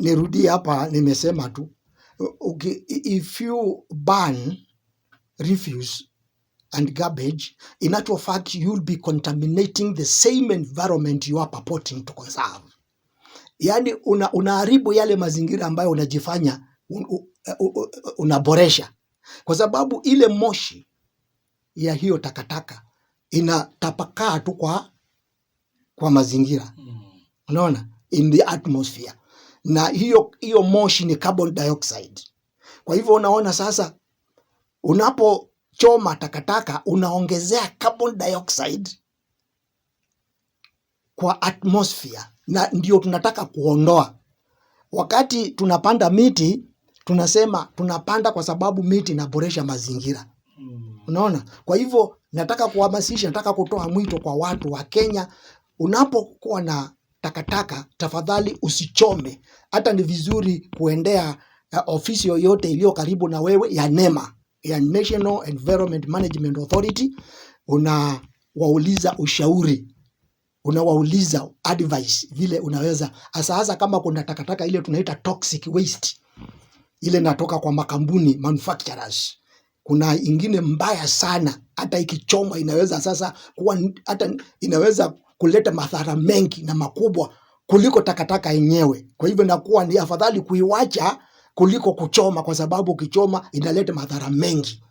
nirudi hapa, nimesema tu okay, if you burn refuse and garbage, in actual fact you'll be contaminating the same environment you are purporting to conserve. Yani una, unaharibu yale mazingira ambayo unajifanya un, un, un, unaboresha, kwa sababu ile moshi ya hiyo takataka inatapakaa tu kwa kwa mazingira, hmm. unaona, in the atmosphere na hiyo hiyo moshi ni carbon dioxide. Kwa hivyo unaona sasa, unapochoma takataka unaongezea carbon dioxide kwa atmosphere, na ndio tunataka kuondoa. Wakati tunapanda miti tunasema tunapanda kwa sababu miti inaboresha mazingira. Hmm. Unaona, kwa hivyo nataka kuhamasisha, nataka kutoa mwito kwa watu wa Kenya, unapokuwa na takataka, tafadhali usichome. Hata ni vizuri kuendea uh, ofisi yoyote iliyo karibu na wewe ya NEMA, ya National Environment Management Authority, unawauliza ushauri unawauliza advice vile unaweza hasa hasa kama kuna takataka ile tunaita toxic waste ile natoka kwa makampuni manufacturers. Kuna ingine mbaya sana, hata ikichoma inaweza sasa kuwa hata inaweza kuleta madhara mengi na makubwa kuliko takataka yenyewe. Kwa hivyo inakuwa ni afadhali kuiwacha kuliko kuchoma, kwa sababu ukichoma inaleta madhara mengi.